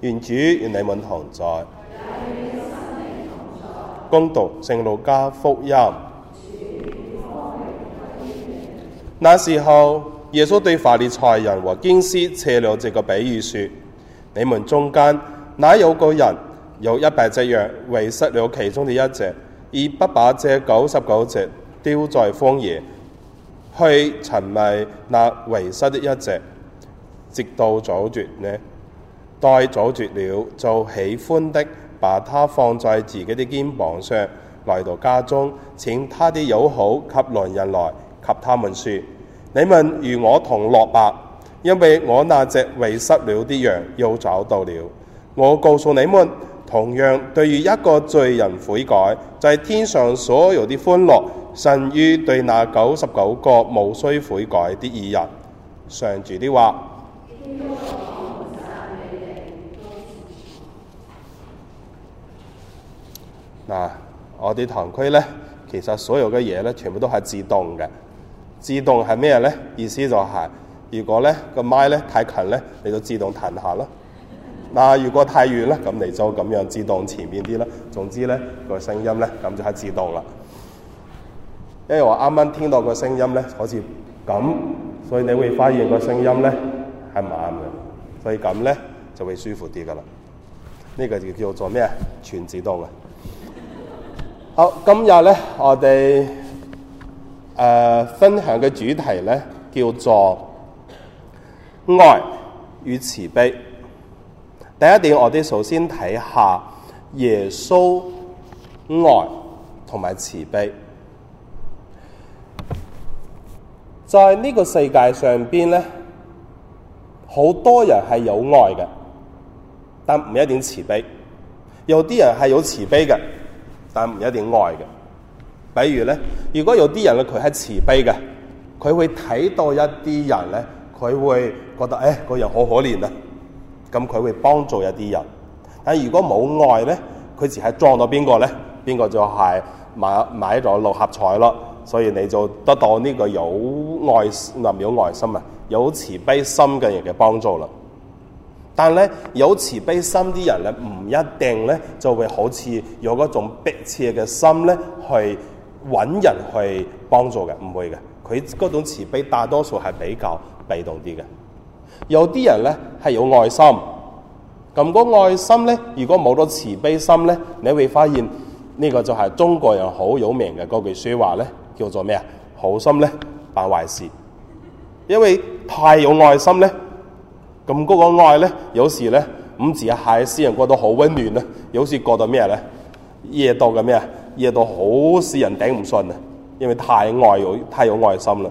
願主與你們同在，恭讀《聖路加福音》。那時候，耶穌對法利賽人和經師設了這個比喻說：你們中間，哪有個人有一百隻羊，遺失了其中的一隻，而不把這九十九隻丟在荒野，去尋覓那遺失的一隻，直到找着呢？待找著了，就喜歡的把它放在自己的肩膀上，來到家中，請他的友好及鄰人來，給他們説：你們與我同樂吧，因為我那隻遺失了的羊又找到了。我告訴你們，同樣對於一個罪人悔改，在、就是、天上所有的歡樂，甚於對那九十九個無需悔改的義人，上主的話。嗯啊！我哋堂區咧，其實所有嘅嘢咧，全部都係自動嘅。自動係咩咧？意思就係、是，如果咧個麥咧太近咧，你就自動停下啦。嗱、啊，如果太遠咧，咁你就咁樣自動前面啲啦。總之咧、那個聲音咧，咁就係自動啦。因為我啱啱聽到個聲音咧，好似咁，所以你會發現個聲音咧係唔啱嘅，所以咁咧就會舒服啲噶啦。呢、這個就叫做咩啊？全自動啊！好，今日咧我哋誒、呃、分享嘅主題咧叫做愛與慈悲。第一點，我哋首先睇下耶穌愛同埋慈悲。在呢個世界上邊咧，好多人係有愛嘅，但唔一定慈悲；有啲人係有慈悲嘅，但唔一定愛嘅，比如咧，如果有啲人咧佢係慈悲嘅，佢會睇到一啲人咧，佢會覺得誒個、哎、人好可憐啊，咁佢會幫助一啲人。但如果冇愛咧，佢只係撞到邊個咧，邊個就係買買咗六合彩咯，所以你就得到呢個有愛啊，有愛心啊，有慈悲心嘅人嘅幫助啦。但咧有慈悲心啲人咧唔一定咧就會好似有嗰種迫切嘅心咧去揾人去幫助嘅，唔會嘅。佢嗰種慈悲大多數係比較被動啲嘅。有啲人咧係有愛心，咁個愛心咧如果冇咗慈悲心咧，你會發現呢個就係中國人好有名嘅嗰句說話咧，叫做咩啊？好心咧辦壞事，因為太有愛心咧。咁、那、嗰個愛咧，有時咧，咁只係使人覺得好溫暖啦，有時似覺得咩咧，夜到嘅咩，夜到好使人頂唔順啊，因為太愛有太有愛心啦，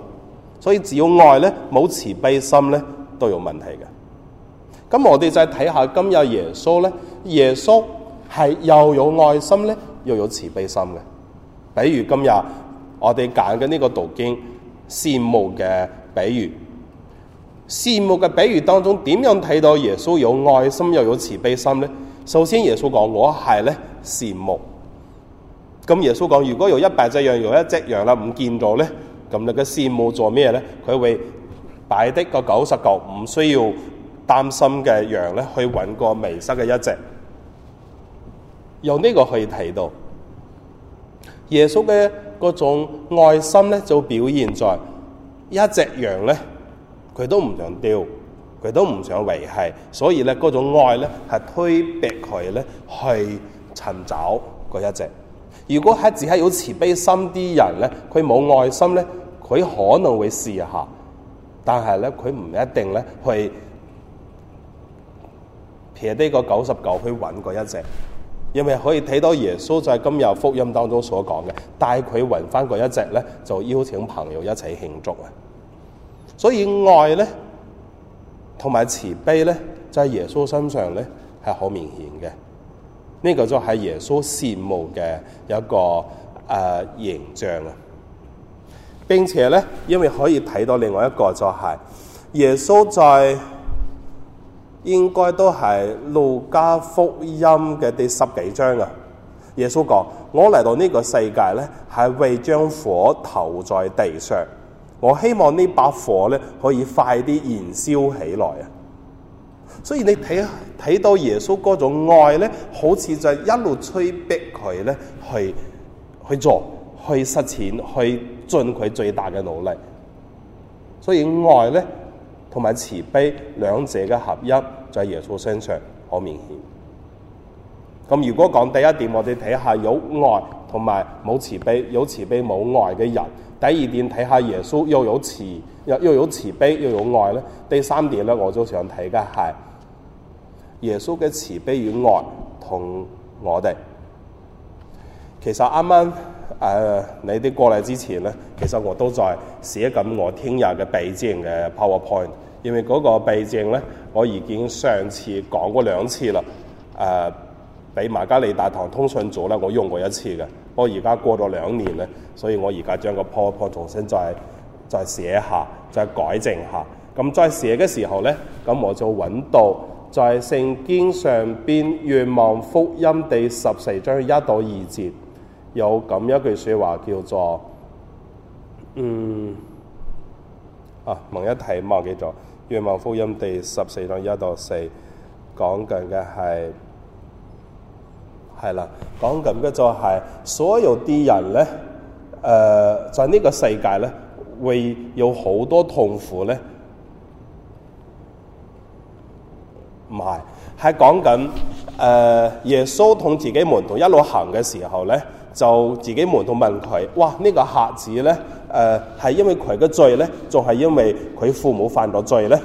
所以只要愛咧冇慈悲心咧都有問題嘅。咁我哋再睇下，今日耶穌咧，耶穌係又有愛心咧，又有慈悲心嘅。比如今日我哋揀緊呢個道經羨慕嘅比如……羨慕嘅比喻當中，點樣睇到耶穌有愛心又有慈悲心呢？首先耶穌講我係咧羨慕。咁耶穌講，如果有一百隻羊有一隻羊啦唔見到咧，咁你嘅羨慕做咩咧？佢會擺的個九十九唔需要擔心嘅羊咧去揾個迷失嘅一隻，用呢個可以睇到耶穌嘅嗰種愛心咧就表現在一隻羊咧。佢都唔想丟，佢都唔想維繫，所以咧嗰種愛咧係推逼佢咧去尋找嗰一隻。如果係只係有慈悲心啲人咧，佢冇愛心咧，佢可能會試下，但係咧佢唔一定咧去撇低個九十九去揾嗰一隻，因為可以睇到耶穌就係今日福音當中所講嘅，帶佢揾翻嗰一隻咧，就邀請朋友一齊慶祝啊！所以愛咧，同埋慈悲咧，在、就喺、耶穌身上咧係好明顯嘅。呢、呢個就係耶穌聖心嘅一個誒、呃、形象啊，並且咧，因為可以睇到另外一個就係耶穌在，應該都係路加福音嘅第十幾章啊。耶穌講：我嚟到呢個世界咧，係為將火投在地上。我希望呢把火咧可以快啲燃燒起來啊！所以你睇睇到耶穌嗰種愛咧，好似就一路催逼佢咧去去做，去實踐，去盡佢最大嘅努力。所以愛咧同埋慈悲兩者嘅合一，就係耶穌身上好明顯。咁如果講第一點，我哋睇下有愛同埋冇慈悲，有慈悲冇愛嘅人。第二點睇下耶穌又有慈又有慈悲又有愛咧。第三點咧，我就想睇嘅係耶穌嘅慈悲與愛同我哋。其實啱啱誒你哋過嚟之前咧，其實我都在寫緊我聽日嘅避靜嘅 PowerPoint，因為嗰個避靜咧，我已經上次講過兩次啦。誒俾瑪加利大堂通訊組咧，我用過一次嘅。我而家過咗兩年咧，所以我而家將個破破重新再再寫下，再改正下。咁再寫嘅時候咧，咁我就揾到在聖經上邊《若望福音》第十四章一到二節有咁一句説話，叫做嗯啊，問一題忘記咗《若望福音》第十四章一到四講緊嘅係。係啦，講緊嘅就係所有啲人咧，誒、呃，在呢個世界咧，會有好多痛苦咧。唔係，係講緊誒，耶穌同自己的門徒一路行嘅時候咧，就自己門徒問佢：「哇，呢、這個客子咧，誒、呃，係因為佢嘅罪咧，仲係因為佢父母犯咗罪咧？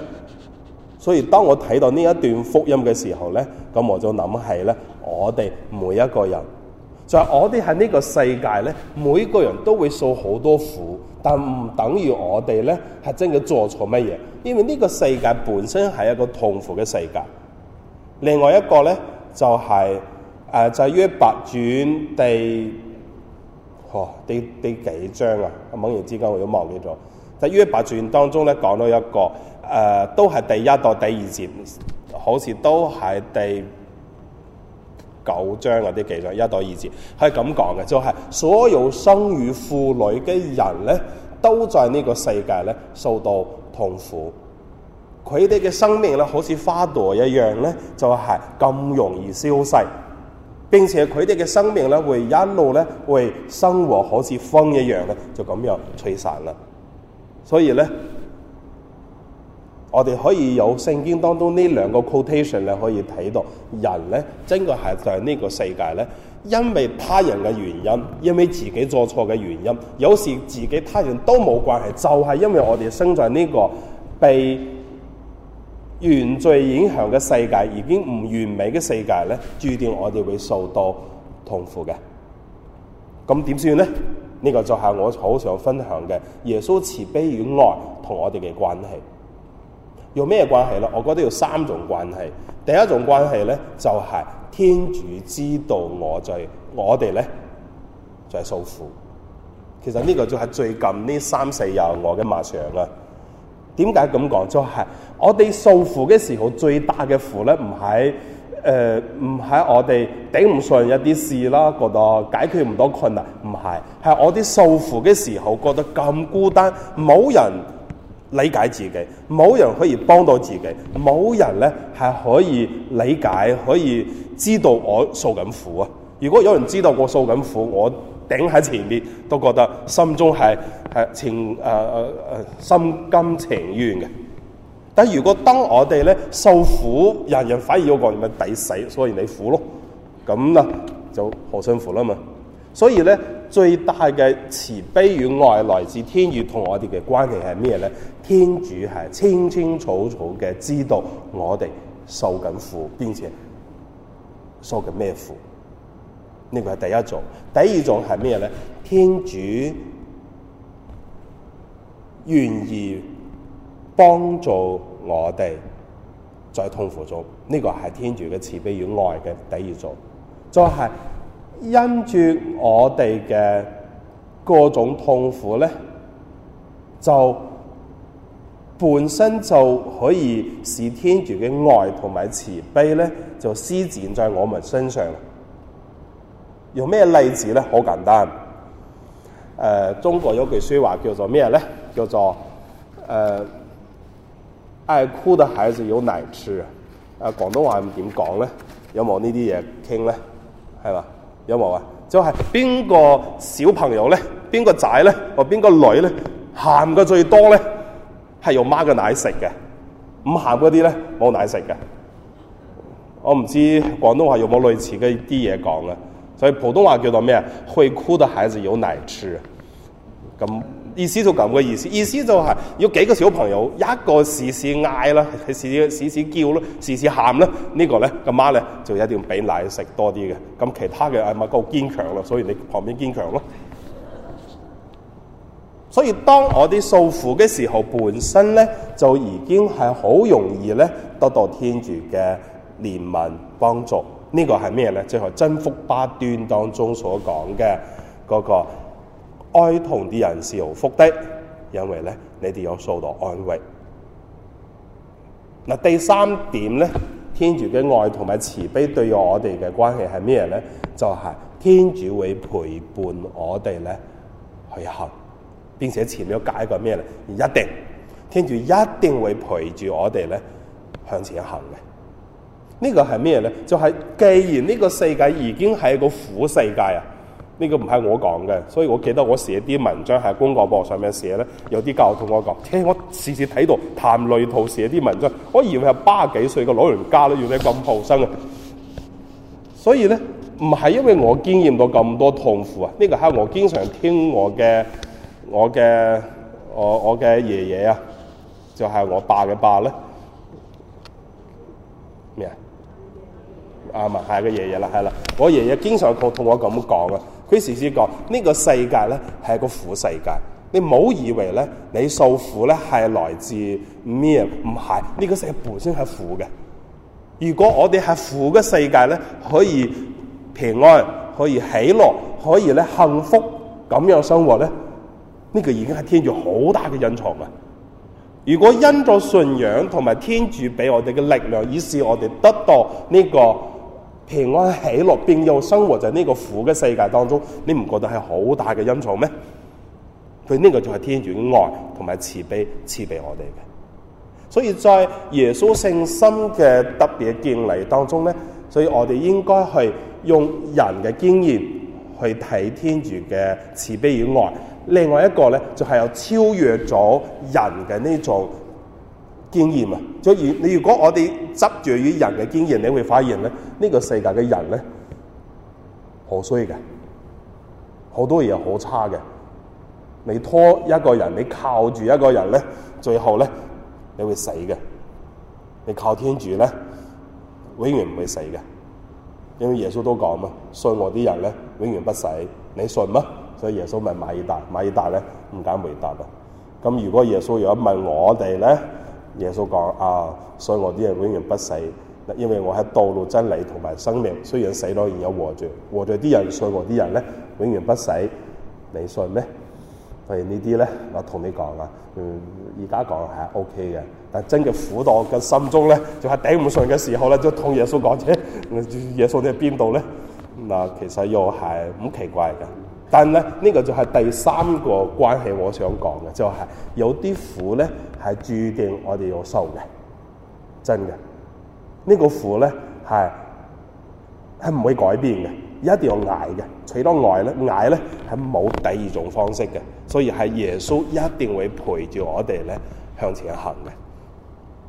所以當我睇到呢一段福音嘅時候咧，咁我就諗起咧，我哋每一個人就係、是、我哋喺呢個世界咧，每個人都會受好多苦，但唔等於我哋咧係真嘅做錯乜嘢，因為呢個世界本身係一個痛苦嘅世界。另外一個咧就係、是呃、就在、是、約伯傳第嚇、哦、第第幾章啊？猛然之間我都忘記咗。在、就是、約伯傳當中咧講到一個。誒、呃，都係第一到、第二節，好似都係第九章嗰啲記載，一到二節係咁講嘅，就係、是、所有生與婦女嘅人咧，都在呢個世界咧受到痛苦，佢哋嘅生命咧好似花朵一樣咧，就係、是、咁容易消逝，並且佢哋嘅生命咧會一路咧會生活，好似風一樣咧，就咁樣吹散啦，所以咧。我哋可以有聖經當中呢兩個 quotation 咧，可以睇到人咧，整個係在呢個世界咧，因為他人嘅原因，因為自己做錯嘅原因，有時自己他人都冇關係，就係、是、因為我哋生在呢個被原罪影響嘅世界，已經唔完美嘅世界咧，注定我哋會受到痛苦嘅。咁點算咧？呢、這個就係我好想分享嘅耶穌慈悲與愛同我哋嘅關係。有咩關係咯？我覺得有三種關係。第一種關係咧，就係、是、天主知道我在，我哋咧就係受苦。其實呢個就係最近呢三四日我嘅麻煩啊。點解咁講？就係、是、我哋受苦嘅時候，最大嘅苦咧，唔喺誒，唔喺我哋頂唔順一啲事啦，覺得解決唔到困難，唔係，係我哋受苦嘅時候覺得咁孤單，冇人。理解自己，冇人可以幫到自己，冇人咧係可以理解、可以知道我受緊苦啊！如果有人知道我受緊苦，我頂喺前面，都覺得心中係係情誒誒誒心甘情願嘅。但係如果當我哋咧受苦，人人反而要講你抵死，所以你苦咯，咁啊就好辛苦啦嘛。所以咧。最大嘅慈悲與愛來自天主，同我哋嘅關係係咩咧？天主係清清楚楚嘅知道我哋受緊苦，並且受緊咩苦？呢個係第一種。第二種係咩咧？天主願意幫助我哋在、就是、痛苦中，呢個係天主嘅慈悲與愛嘅第二種，就係。因住我哋嘅各種痛苦咧，就本身就可以使天主嘅愛同埋慈悲咧，就施展在我們身上。用咩例子咧？好簡單。誒、呃，中國有句説話叫做咩咧？叫做誒、呃，愛哭的孩子有奶吃。啊、呃，廣東話點講咧？有冇呢啲嘢傾咧？係嘛？有冇啊？就係、是、邊個小朋友咧，邊個仔咧，或邊個女咧，喊嘅最多咧，係用媽嘅奶食嘅。唔喊嗰啲咧，冇奶食嘅。我唔知廣東話有冇類似嘅啲嘢講啊。所以普通話叫做咩啊？會哭的孩子有奶吃。咁。意思就咁嘅意思，意思就係、是、要幾個小朋友一個試試嗌啦，試試試叫啦，試試喊啦，喊這個、呢個咧咁媽咧就一定要俾奶食多啲嘅，咁其他嘅係咪夠堅強咯？所以你旁邊堅強咯。所以當我啲訴苦嘅時候，本身咧就已經係好容易咧得到天主嘅憐憫幫助。這個、是什麼呢個係咩咧？即係《真福八端》當中所講嘅嗰個。愛同啲人是有福的，因為咧你哋有受到安慰。嗱，第三點咧，天主嘅愛同埋慈悲對我哋嘅關係係咩咧？就係、是、天主會陪伴我哋咧去行，並且前面加一個咩咧？一定，天主一定會陪住我哋咧向前行嘅。這是什麼呢個係咩咧？就係、是、既然呢個世界已經係一個苦世界啊！呢、這個唔係我講嘅，所以我記得我寫啲文章喺公教報上面寫咧，有啲教同我講，誒、哎，我時時睇到談來吐寫啲文章，我以為係八十幾歲個老人家都要你咁後生啊！所以咧，唔係因為我經驗到咁多痛苦啊，呢、這個係我經常聽我嘅我嘅我的我嘅爺爺啊，就係、是、我爸嘅爸咧。咩啊？阿啊，係個爺爺啦，係啦，我爺爺經常同同我咁講啊。於是講呢個世界咧係個苦世界，你唔好以為咧你受苦咧係來自咩？唔係，呢個世界本身係苦嘅。如果我哋喺苦嘅世界咧可以平安、可以喜樂、可以咧幸福咁樣生活咧，呢個已經係天主好大嘅隱藏啊！如果因咗信仰同埋天主俾我哋嘅力量，以使我哋得到呢個。平安喜樂，並有生活在呢個苦嘅世界當中，你唔覺得係好大嘅恩寵咩？佢、這、呢個就係天主愛同埋慈悲，慈悲我哋嘅。所以在耶穌聖心嘅特別嘅敬禮當中咧，所以我哋應該去用人嘅經驗去睇天主嘅慈悲與愛。另外一個咧，就係有超越咗人嘅呢種。經驗啊！所以你如果我哋執住於人嘅經驗，你會發現咧，呢個世界嘅人咧，好衰嘅，好多嘢好差嘅。你拖一個人，你靠住一個人咧，最後咧，你會死嘅。你靠天主咧，永遠唔會死嘅。因為耶穌都講啊，信我啲人咧，永遠不死。你信嗎？所以耶穌問馬爾大，馬爾大咧唔敢回答啊。咁如果耶穌如果問我哋咧？耶穌講啊，所以我啲人永遠不死，因為我喺道路真理同埋生命，雖然死咗而有活着，活着啲人信我啲人咧永遠不死，你信咩？所以呢啲咧，我同你講啊，而家講係 OK 嘅，但真嘅苦到我嘅心中咧，就係、是、頂唔順嘅時候咧，就同耶穌講啫，耶穌你喺邊度咧？嗱，其實又係咁奇怪嘅，但咧呢、這個就係第三個關係我想講嘅，就係、是、有啲苦咧。係注定我哋要受嘅，真嘅，這個，呢個苦咧係係唔會改變嘅，一定要挨嘅。除咗挨咧，挨咧係冇第二種方式嘅，所以係耶穌一定會陪住我哋咧向前行嘅。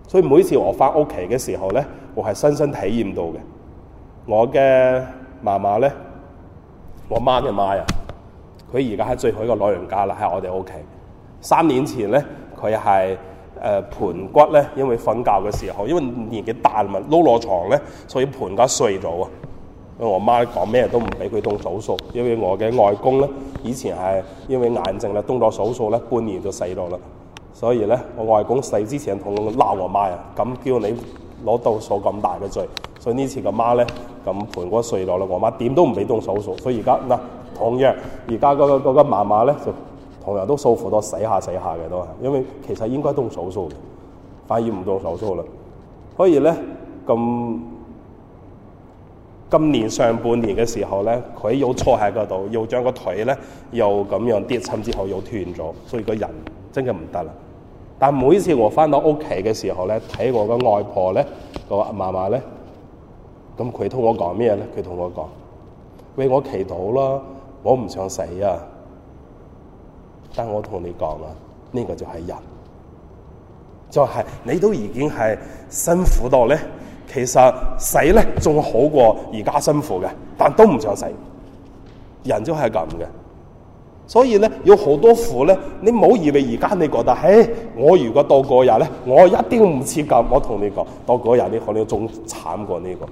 所以每次我翻屋企嘅時候咧，我係深深體驗到嘅。我嘅媽媽咧，我媽嘅媽啊，佢而家係最後一個老人家啦，喺我哋屋企三年前咧。佢係誒盆骨咧，因為瞓覺嘅時候，因為年紀大嘛，撈落床咧，所以盆骨碎咗啊！因為我媽講咩都唔俾佢動手術，因為我嘅外公咧，以前係因為眼症咧，動咗手術咧，半年就死咗啦。所以咧，我外公死之前同我鬧我媽啊，咁叫你攞到數咁大嘅罪，所以這次呢次個媽咧咁盆骨碎咗啦，我媽點都唔俾動手術，所以而家嗱，同樣而家嗰個嗰、嗰個嫲嫲咧就。同人都受苦到死下死下嘅都係，因為其實應該都做手術，反而唔做手術啦。所以咧，咁今年上半年嘅時候咧，佢又坐喺嗰度，又將個腿咧又咁樣跌親之後又斷咗，所以個人真係唔得啦。但每次我翻到屋企嘅時候咧，睇我個外婆咧，個阿嫲嫲咧，咁佢同我講咩咧？佢同我講：喂，我祈禱啦，我唔想死啊！但我同你講啊，呢、這個就係人，就係、是、你都已經係辛苦到咧，其實死咧仲好過而家辛苦嘅，但都唔想死。人就係咁嘅，所以咧有好多苦咧，你冇以為而家你覺得，誒，我如果到嗰日咧，我一定唔切咁，我同你講，到嗰日你可能仲慘過呢、這個。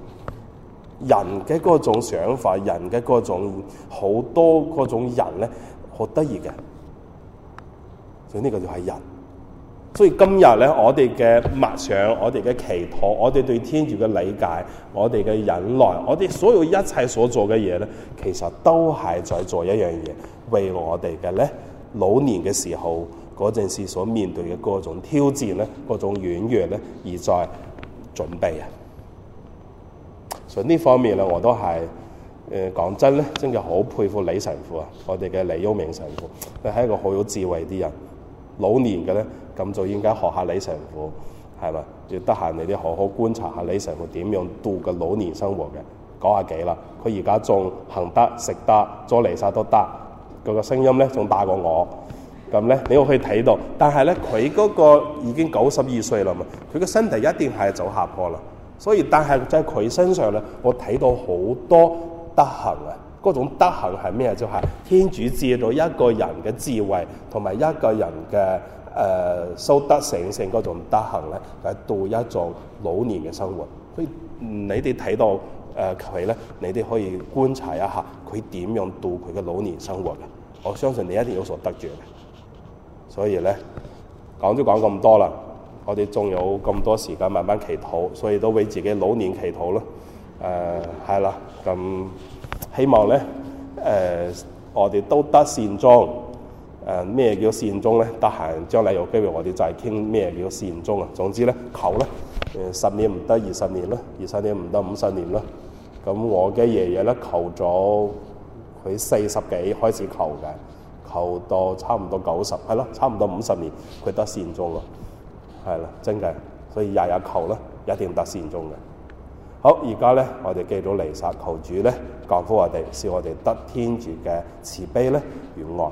人嘅嗰種想法，人嘅嗰種好多嗰種人咧，好得意嘅。呢、這個就係人，所以今日咧，我哋嘅默想，我哋嘅祈禱，我哋對天主嘅理解，我哋嘅忍耐，我哋所有一切所做嘅嘢咧，其實都係在做一樣嘢，為我哋嘅咧老年嘅時候嗰陣時所面對嘅各種挑戰咧，各種軟弱咧，而在準備啊！所以呢方面咧，我都係誒、呃、講真咧，真係好佩服李神父啊！我哋嘅李旭明神父，佢係一個好有智慧啲人。老年嘅咧，咁就應該學下李神父係嘛？要得閒你哋好好觀察下李神父點樣度嘅老年生活嘅，九啊幾啦，佢而家仲行得食得，做嚟晒都得，個個聲音咧仲大過我。咁咧，你可以睇到，但係咧，佢嗰個已經九十二歲啦嘛，佢嘅身體一定係走下坡啦。所以，但係喺佢身上咧，我睇到好多德行啊！嗰種德行係咩？就係、是、天主知道一個人嘅智慧同埋一個人嘅誒、呃、修德成性嗰種德行咧，就係度一種老年嘅生活。所以你哋睇到誒佢咧，你哋、呃、可以觀察一下佢點樣度佢嘅老年生活嘅。我相信你一定有所得著嘅。所以咧講都講咁多啦，我哋仲有咁多時間慢慢祈禱，所以都為自己老年祈禱咯。誒係啦，咁。希望咧，誒、呃，我哋都得善終。誒、呃，咩叫善終咧？得閒，將來有機會我哋就再傾咩叫善終啊！總之咧，求咧，誒、呃，十年唔得，二十年啦，二十年唔得，五十年啦。咁我嘅爺爺咧，求咗佢四十幾開始求嘅，求到差唔多九十，係咯，差唔多五十年，佢得善終啊！係啦，真嘅，所以日日求啦，一定得善終嘅。好，而家咧，我哋記到彌撒求主咧，降福我哋，使我哋得天主嘅慈悲咧，憐愛。